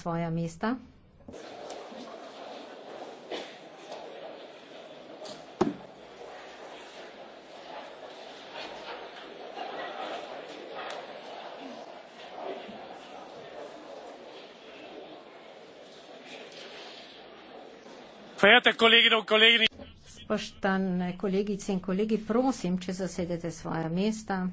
svoja mesta. Spoštovane kolegice in kolegi, prosim, če zasedete svoja mesta.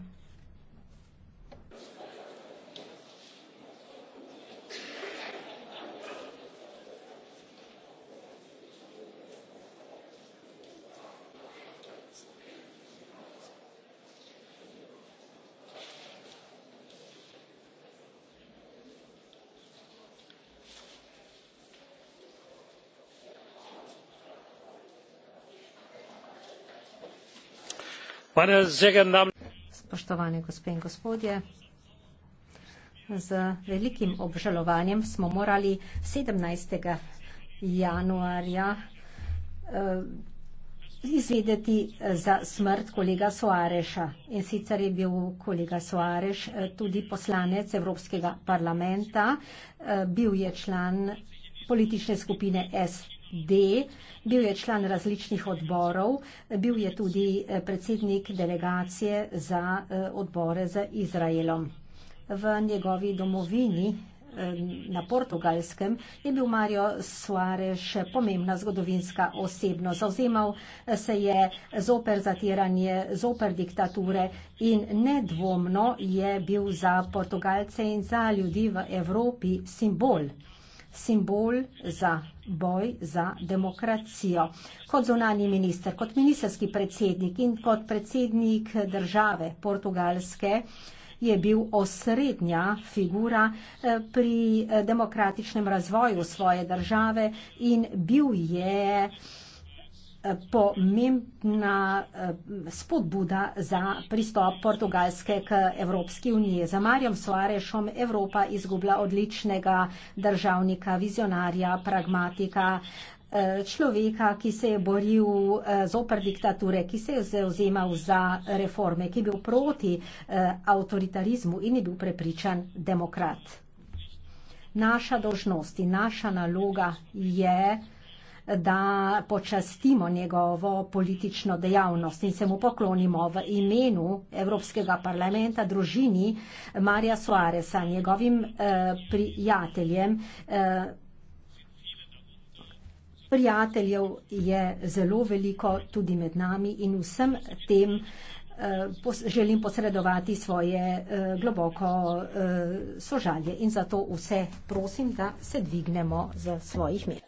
Spoštovane gospe in gospodje, z velikim obžalovanjem smo morali 17. januarja eh, izvedeti za smrt kolega Soareša. In sicer je bil kolega Soareš eh, tudi poslanec Evropskega parlamenta, eh, bil je član politične skupine SP. D, bil je član različnih odborov, bil je tudi eh, predsednik delegacije za eh, odbore za Izraelom. V njegovi domovini eh, na portugalskem je bil Mario Suarez pomembna zgodovinska osebno. Zauzemal se je zoper zatiranje, zoper diktature in nedvomno je bil za portugalce in za ljudi v Evropi simbol simbol za boj za demokracijo. Kot zunani minister, kot ministerski predsednik in kot predsednik države portugalske je bil osrednja figura eh, pri eh, demokratičnem razvoju svoje države in bil je pomembna eh, spodbuda za pristop Portugalske k Evropski uniji. Za Marjom Soarešom Evropa izgubila odličnega državnika, vizionarja, pragmatika, eh, človeka, ki se je boril eh, zoper diktature, ki se je zauzemal za reforme, ki je bil proti avtoritarizmu in je bil prepričan demokrat. Naša dožnost in naša naloga je, da da počastimo njegovo politično dejavnost in se mu poklonimo v imenu Evropskega parlamenta družini Marija Suareza, njegovim eh, prijateljem. Eh, prijateljev je zelo veliko tudi med nami in vsem tem eh, želim posredovati svoje eh, globoko eh, sožalje in zato vse prosim, da se dvignemo z svojih mest.